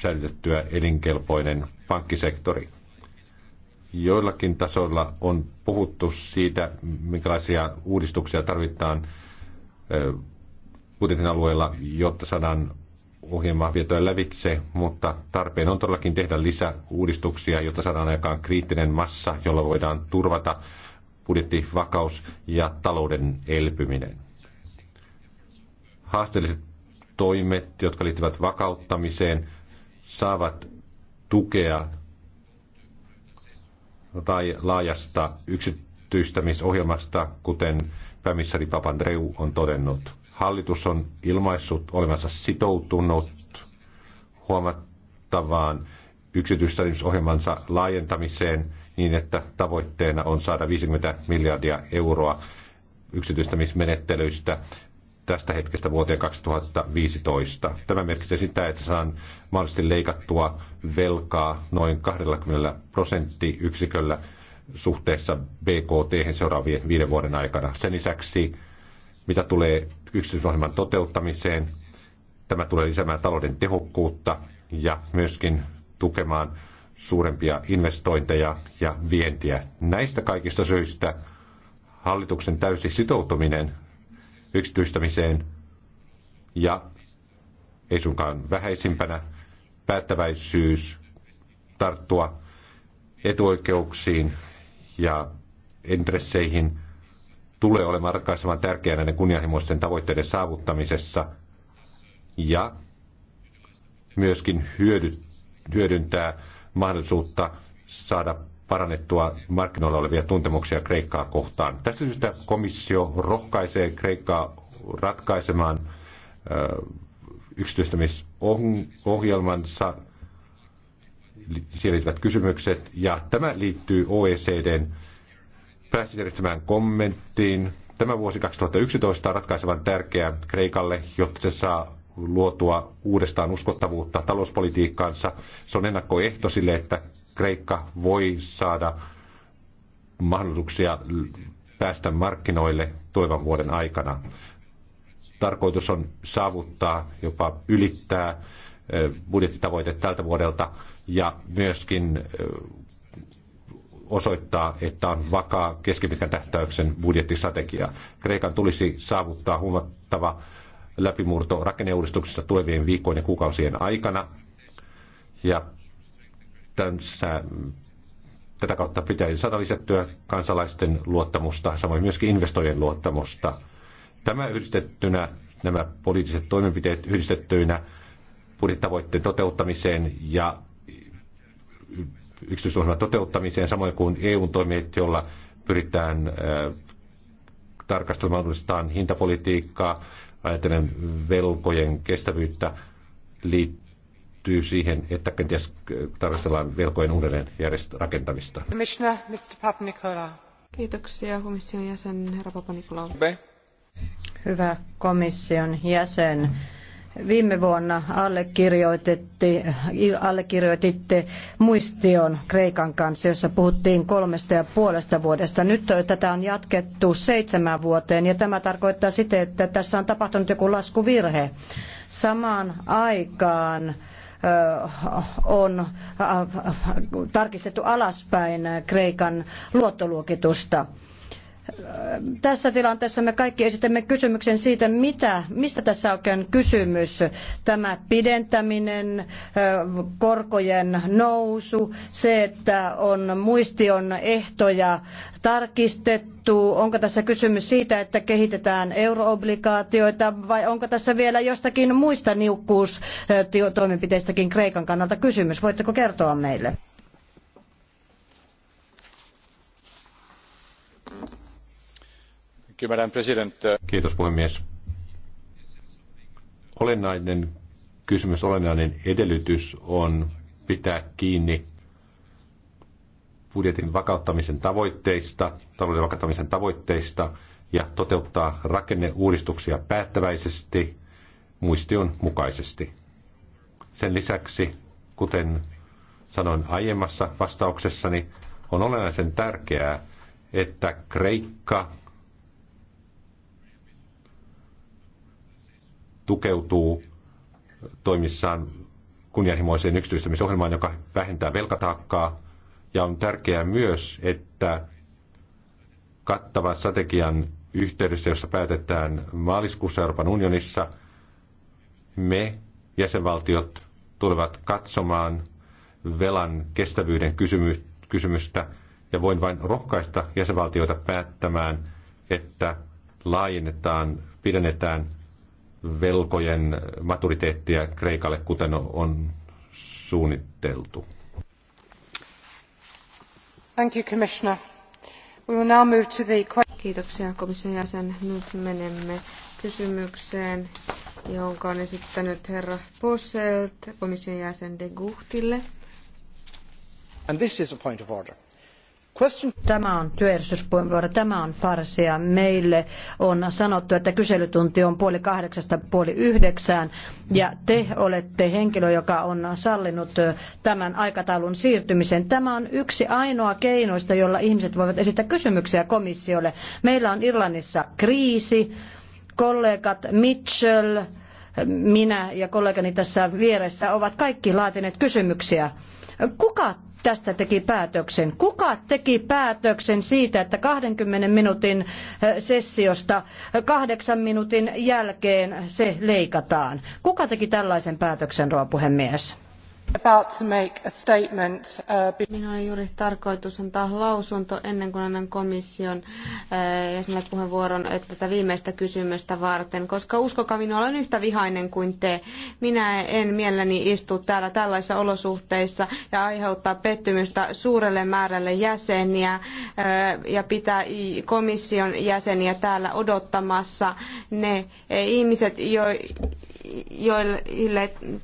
säilytettyä elinkelpoinen pankkisektori. Joillakin tasoilla on puhuttu siitä, minkälaisia uudistuksia tarvitaan budjetin alueella, jotta saadaan ohjelmaa vietyä lävitse, mutta tarpeen on todellakin tehdä lisäuudistuksia, jotta saadaan aikaan kriittinen massa, jolla voidaan turvata budjettivakaus ja talouden elpyminen. Haasteelliset toimet, jotka liittyvät vakauttamiseen, saavat tukea tai laajasta yksityistämisohjelmasta, kuten pääministeri Papandreou on todennut. Hallitus on ilmaissut olevansa sitoutunut huomattavaan yksityistämisohjelmansa laajentamiseen niin, että tavoitteena on saada 50 miljardia euroa yksityistämismenettelyistä tästä hetkestä vuoteen 2015. Tämä merkitsee sitä, että saan mahdollisesti leikattua velkaa noin 20 prosenttiyksiköllä suhteessa BKT seuraavien viiden vuoden aikana. Sen lisäksi, mitä tulee yksityisohjelman toteuttamiseen, tämä tulee lisäämään talouden tehokkuutta ja myöskin tukemaan suurempia investointeja ja vientiä. Näistä kaikista syistä hallituksen täysi sitoutuminen yksityistämiseen ja ei suinkaan vähäisimpänä päättäväisyys tarttua etuoikeuksiin ja intresseihin tulee olemaan ratkaisevan tärkeänä näiden kunnianhimoisten tavoitteiden saavuttamisessa ja myöskin hyödyntää mahdollisuutta saada parannettua markkinoilla olevia tuntemuksia Kreikkaa kohtaan. Tästä syystä komissio rohkaisee Kreikkaa ratkaisemaan yksityistämisohjelmansa siihen liittyvät kysymykset. Ja tämä liittyy OECDn pääsijärjestelmään kommenttiin. Tämä vuosi 2011 on ratkaisevan tärkeä Kreikalle, jotta se saa luotua uudestaan uskottavuutta talouspolitiikkaansa. Se on ennakkoehto sille, että Kreikka voi saada mahdollisuuksia päästä markkinoille toivon vuoden aikana. Tarkoitus on saavuttaa, jopa ylittää budjettitavoite tältä vuodelta ja myöskin osoittaa, että on vakaa keskipitkän tähtäyksen budjettistrategia. Kreikan tulisi saavuttaa huomattava läpimurto rakenneuudistuksessa tulevien viikkojen ja kuukausien aikana. Ja Tänsä, tätä kautta pitäisi saada lisättyä kansalaisten luottamusta, samoin myöskin investoijien luottamusta. Tämä yhdistettynä, nämä poliittiset toimenpiteet yhdistettyinä budjettavoitteen toteuttamiseen ja yksityisohjelman toteuttamiseen, samoin kuin eu toimijat, joilla pyritään äh, tarkastelemaan mahdollistaan hintapolitiikkaa, ajatellen velkojen kestävyyttä, liittyen liittyy siihen, että kenties tarkastellaan velkojen uudelleen rakentamista. Kiitoksia komission jäsen herra Papanikolaou. Hyvä komission jäsen. Viime vuonna allekirjoititte muistion Kreikan kanssa, jossa puhuttiin kolmesta ja puolesta vuodesta. Nyt tätä on jatkettu seitsemän vuoteen ja tämä tarkoittaa sitä, että tässä on tapahtunut joku laskuvirhe. Samaan aikaan on tarkistettu alaspäin Kreikan luottoluokitusta tässä tilanteessa me kaikki esitämme kysymyksen siitä, mitä, mistä tässä oikein kysymys. Tämä pidentäminen, korkojen nousu, se, että on muistion ehtoja tarkistettu, onko tässä kysymys siitä, että kehitetään euroobligaatioita vai onko tässä vielä jostakin muista niukkuustoimenpiteistäkin Kreikan kannalta kysymys? Voitteko kertoa meille? Kiitos puhemies. Olennainen kysymys, olennainen edellytys on pitää kiinni budjetin vakauttamisen tavoitteista, talouden vakauttamisen tavoitteista ja toteuttaa rakenneuudistuksia päättäväisesti muistion mukaisesti. Sen lisäksi, kuten sanoin aiemmassa vastauksessani, on olennaisen tärkeää, että Kreikka tukeutuu toimissaan kunnianhimoiseen yksityistämisohjelmaan, joka vähentää velkataakkaa. Ja on tärkeää myös, että kattava strategian yhteydessä, jossa päätetään maaliskuussa Euroopan unionissa, me jäsenvaltiot tulevat katsomaan velan kestävyyden kysymy- kysymystä ja voin vain rohkaista jäsenvaltioita päättämään, että laajennetaan, pidennetään velkojen maturiteettia Kreikalle, kuten on suunniteltu. Thank you, Commissioner. We will now move to the... Kiitoksia komission jäsen. Nyt menemme kysymykseen, jonka on esittänyt herra Posselt komission jäsen de Guchtille. And this is a point of order. Tämä on työjärjestyspuheenvuoro, tämä on farsia. Meille on sanottu, että kyselytunti on puoli kahdeksasta puoli yhdeksään, ja te olette henkilö, joka on sallinut tämän aikataulun siirtymisen. Tämä on yksi ainoa keinoista, jolla ihmiset voivat esittää kysymyksiä komissiolle. Meillä on Irlannissa kriisi, kollegat Mitchell, minä ja kollegani tässä vieressä ovat kaikki laatineet kysymyksiä. Kuka tästä teki päätöksen? Kuka teki päätöksen siitä, että 20 minuutin eh, sessiosta eh, kahdeksan minuutin jälkeen se leikataan? Kuka teki tällaisen päätöksen, rouva puhemies? Uh, Minun olin juuri tarkoitus antaa lausunto ennen kuin annan komission äh, jäsenelle puheenvuoron äh, tätä viimeistä kysymystä varten, koska uskokaa minua olen yhtä vihainen kuin te. Minä en mielelläni istu täällä tällaisissa olosuhteissa ja aiheuttaa pettymystä suurelle määrälle jäseniä äh, ja pitää komission jäseniä täällä odottamassa ne eh, ihmiset, joiden joille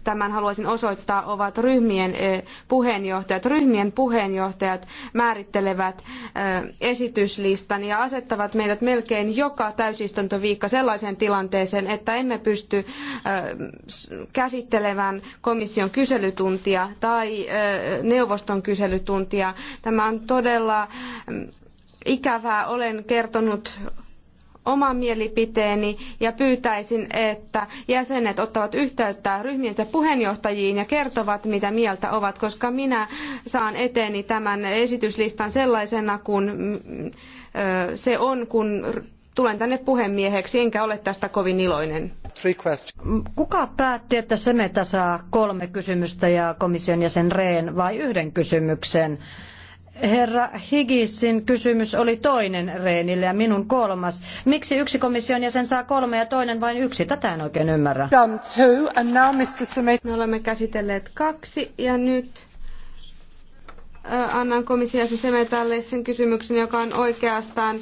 tämän haluaisin osoittaa, ovat ryhmien eh, puheenjohtajat. Ryhmien puheenjohtajat määrittelevät eh, esityslistan ja asettavat meidät melkein joka täysistuntoviikko sellaiseen tilanteeseen, että emme pysty eh, käsittelemään komission kyselytuntia tai neuvoston kyselytuntia. Tämä on todella ikävää. Olen kertonut oman mielipiteeni ja pyytäisin, että jäsenet ottavat yhteyttä ryhmiensä puheenjohtajiin ja kertovat, mitä mieltä ovat, koska minä saan eteeni tämän esityslistan sellaisena kuin mm, se on, kun tulen tänne puhemieheksi, enkä ole tästä kovin iloinen. Kuka päätti, että Semeta saa kolme kysymystä ja komission jäsen Rehn vai yhden kysymyksen? Herra Higginsin kysymys oli toinen Reenille ja minun kolmas. Miksi yksi komission jäsen saa kolme ja toinen vain yksi? Tätä en oikein ymmärrä. Me olemme käsitelleet kaksi ja nyt annan komission jäsen Semetalle sen kysymyksen, joka on oikeastaan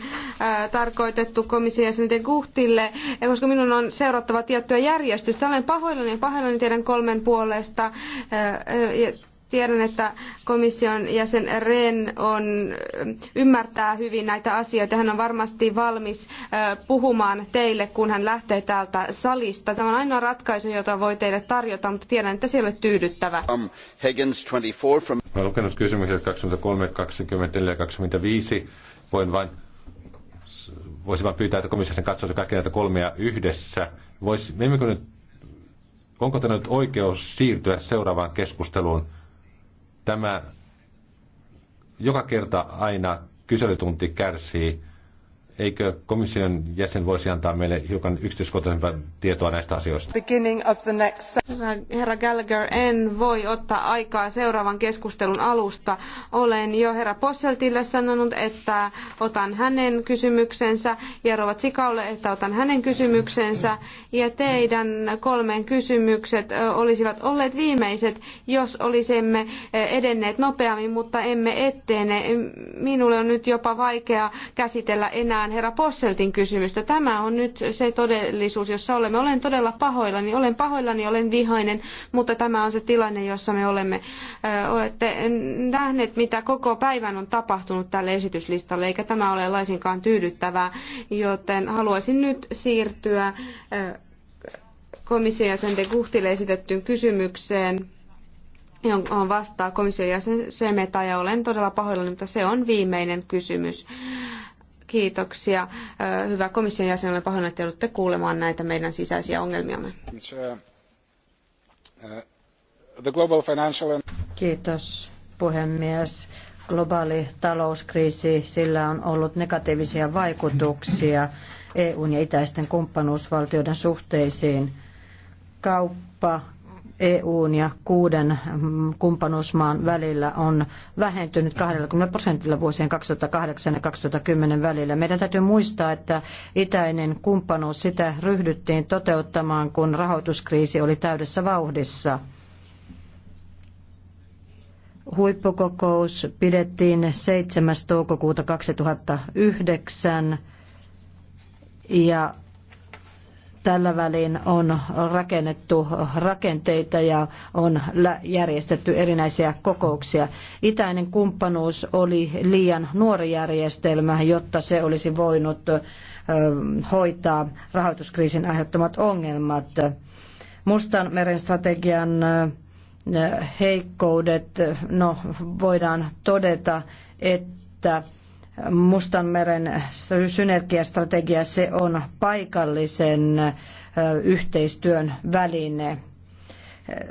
tarkoitettu komission jäsenten Guhtille, ja koska minun on seurattava tiettyä järjestystä. Olen pahoillani ja pahoillani teidän kolmen puolesta. Tiedän, että komission jäsen Rehn on, ymmärtää hyvin näitä asioita. Hän on varmasti valmis puhumaan teille, kun hän lähtee täältä salista. Tämä on ainoa ratkaisu, jota voi teille tarjota, mutta tiedän, että se ei ole tyydyttävä. Um, Higgins 24 from... Olen lukenut kysymykset 23, 24 ja 25. Voin vain voisi vain pyytää, että komissio katsoisi kaikkia näitä kolmea yhdessä. Vois, nyt, onko tämä nyt oikeus siirtyä seuraavaan keskusteluun? Tämä joka kerta aina kyselytunti kärsii Eikö komission jäsen voisi antaa meille hiukan yksityiskohtaisempaa tietoa näistä asioista? herra Gallagher, en voi ottaa aikaa seuraavan keskustelun alusta. Olen jo herra Posseltille sanonut, että otan hänen kysymyksensä ja Rova Tsikalle, että otan hänen kysymyksensä. Ja teidän kolmen kysymykset olisivat olleet viimeiset, jos olisimme edenneet nopeammin, mutta emme ettene. Minulle on nyt jopa vaikea käsitellä enää tähän herra Posseltin kysymystä. Tämä on nyt se todellisuus, jossa olemme. Olen todella pahoillani, olen pahoillani, olen vihainen, mutta tämä on se tilanne, jossa me olemme. Olette nähneet, mitä koko päivän on tapahtunut tälle esityslistalle, eikä tämä ole laisinkaan tyydyttävää, joten haluaisin nyt siirtyä komission jäsen de Guhtille esitettyyn kysymykseen johon vastaa komission jäsen Semeta ja olen todella pahoillani, mutta se on viimeinen kysymys. Kiitoksia. Hyvä komission jäsen, olen pahoin, että joudutte kuulemaan näitä meidän sisäisiä ongelmiamme. Kiitos puhemies. Globaali talouskriisi, sillä on ollut negatiivisia vaikutuksia EUn ja itäisten kumppanuusvaltioiden suhteisiin. Kauppa, EUn ja kuuden kumppanuusmaan välillä on vähentynyt 20 prosentilla vuosien 2008 ja 2010 välillä. Meidän täytyy muistaa, että itäinen kumppanuus sitä ryhdyttiin toteuttamaan, kun rahoituskriisi oli täydessä vauhdissa. Huippukokous pidettiin 7. toukokuuta 2009 ja tällä välin on rakennettu rakenteita ja on järjestetty erinäisiä kokouksia. Itäinen kumppanuus oli liian nuori järjestelmä, jotta se olisi voinut hoitaa rahoituskriisin aiheuttamat ongelmat. Mustanmeren strategian heikkoudet, no voidaan todeta, että Mustanmeren synergiastrategia se on paikallisen yhteistyön väline.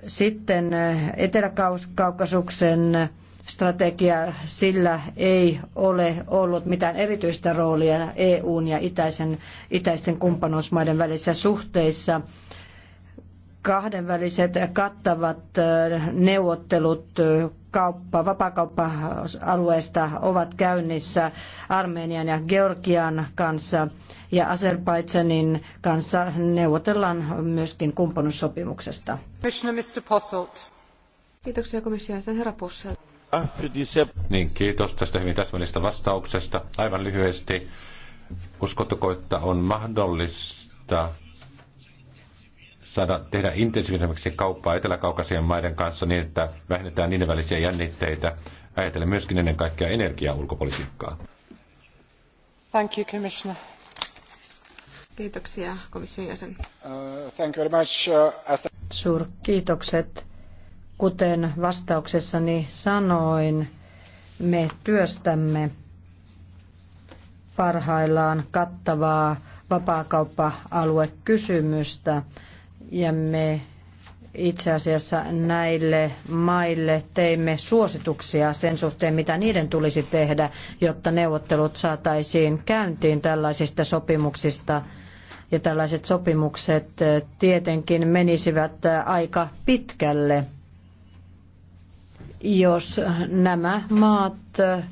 Sitten Etelä-Kaukasuksen strategia, sillä ei ole ollut mitään erityistä roolia EUn ja itäisen, itäisten kumppanuusmaiden välisissä suhteissa. Kahdenväliset kattavat neuvottelut kauppa, vapakauppa-alueesta ovat käynnissä Armenian ja Georgian kanssa ja Azerbaidsanin kanssa neuvotellaan myöskin kumppanuussopimuksesta. Kiitoksia komission herra ah, Niin, kiitos tästä hyvin täsmällisestä vastauksesta. Aivan lyhyesti, uskotteko, että on mahdollista saada tehdä intensiivisemmäksi kauppaa Etelä-Kaukasian maiden kanssa niin, että vähennetään niiden välisiä jännitteitä, ajatellen myöskin ennen kaikkea energiaa ulkopolitiikkaa. Thank you, Commissioner. Kiitoksia komission jäsen. Uh, thank you very much. Uh, Kiitokset. Kuten vastauksessani sanoin, me työstämme parhaillaan kattavaa vapaakauppa-aluekysymystä. kysymystä ja me itse asiassa näille maille teimme suosituksia sen suhteen, mitä niiden tulisi tehdä, jotta neuvottelut saataisiin käyntiin tällaisista sopimuksista. Ja tällaiset sopimukset eh, tietenkin menisivät eh, aika pitkälle, jos nämä maat eh,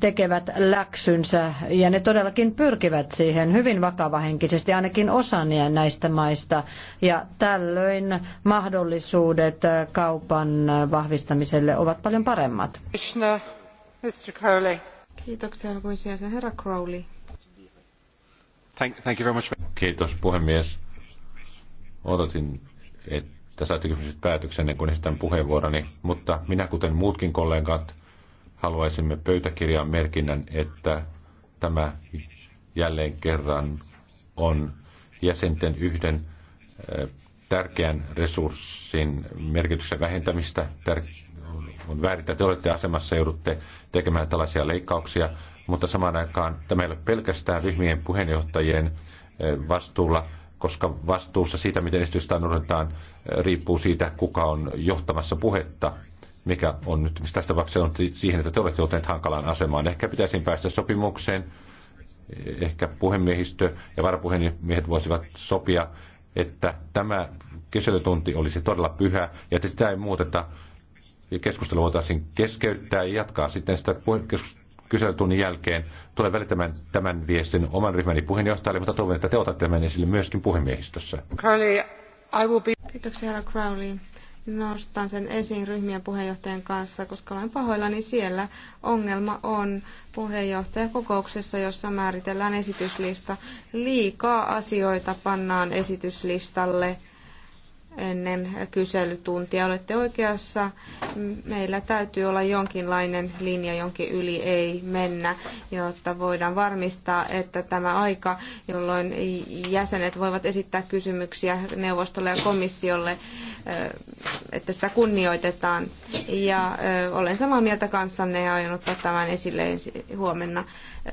tekevät läksynsä ja ne todellakin pyrkivät siihen hyvin vakavahenkisesti, ainakin osa näistä maista. Ja tällöin mahdollisuudet kaupan vahvistamiselle ovat paljon paremmat. Mr. Crowley. Kiitoksia, arvoisa herra Crowley. Thank, thank you very much. Kiitos puhemies. Odotin, että saatte kysymykset päätöksen ennen kuin esitän puheenvuoroni, mutta minä kuten muutkin kollegat haluaisimme pöytäkirjan merkinnän, että tämä jälleen kerran on jäsenten yhden eh, tärkeän resurssin merkityksen vähentämistä. On väärin, että te olette asemassa, joudutte tekemään tällaisia leikkauksia, mutta samaan aikaan tämä ei ole pelkästään ryhmien puheenjohtajien eh, vastuulla, koska vastuussa siitä, miten esitystä noudatetaan, eh, riippuu siitä, kuka on johtamassa puhetta mikä on nyt missä tässä tapauksessa on siihen, että te olette joutuneet hankalaan asemaan. Ehkä pitäisi päästä sopimukseen. Ehkä puhemiehistö ja varapuhemiehet voisivat sopia, että tämä kyselytunti olisi todella pyhä ja että sitä ei muuteta. Keskustelu voitaisiin keskeyttää ja jatkaa sitten sitä kyselytunnin jälkeen. tulee välittämään tämän viestin oman ryhmäni puheenjohtajalle, mutta toivon, että te otatte tämän esille myöskin puhemiehistössä. Crowley, I will be... Kiitoksia, herra Crowley nostan sen esiin ryhmien puheenjohtajan kanssa, koska olen pahoillani siellä. Ongelma on puheenjohtajakokouksessa, jossa määritellään esityslista. Liikaa asioita pannaan esityslistalle ennen kyselytuntia. Olette oikeassa. Meillä täytyy olla jonkinlainen linja, jonkin yli ei mennä, jotta voidaan varmistaa, että tämä aika, jolloin jäsenet voivat esittää kysymyksiä neuvostolle ja komissiolle, eh, että sitä kunnioitetaan. Ja eh, olen samaa mieltä kanssanne ja aion ottaa tämän esille huomenna. Eh,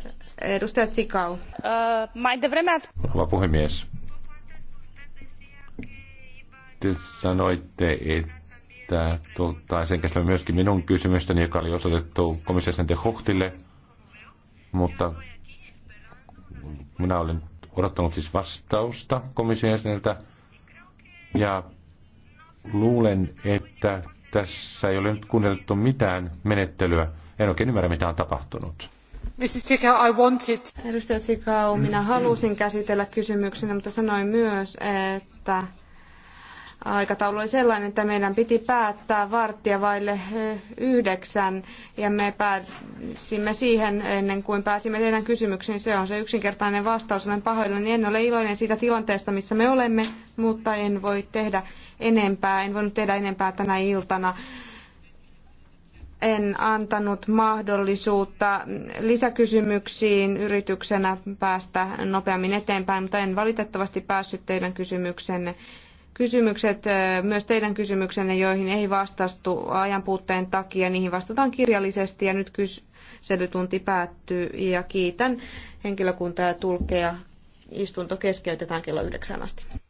edustaja Tsikau. Rouva puhemies, te sanoitte, että tuota, sen käsitellä myöskin minun kysymystäni, joka oli osoitettu de Huhtille, mutta minä olen odottanut siis vastausta komission ja luulen, että tässä ei ole nyt kuunneltu mitään menettelyä. En oikein ymmärrä, mitä on tapahtunut. Mrs. Edustaja Tsikau, minä halusin käsitellä kysymyksenä, mutta sanoin myös, että aikataulu oli sellainen, että meidän piti päättää varttia vaille yhdeksän ja me pääsimme siihen ennen kuin pääsimme teidän kysymyksiin. Se on se yksinkertainen vastaus. Olen pahoillani, niin en ole iloinen siitä tilanteesta, missä me olemme, mutta en voi tehdä enempää. En voinut tehdä enempää tänä iltana en antanut mahdollisuutta lisäkysymyksiin yrityksenä päästä nopeammin eteenpäin, mutta en valitettavasti päässyt teidän kysymyksenne kysymykset, myös teidän kysymyksenne, joihin ei vastastu ajan puutteen takia, niihin vastataan kirjallisesti ja nyt kyselytunti päättyy ja kiitän henkilökuntaa ja tulkkeja. Istunto keskeytetään kello yhdeksän asti.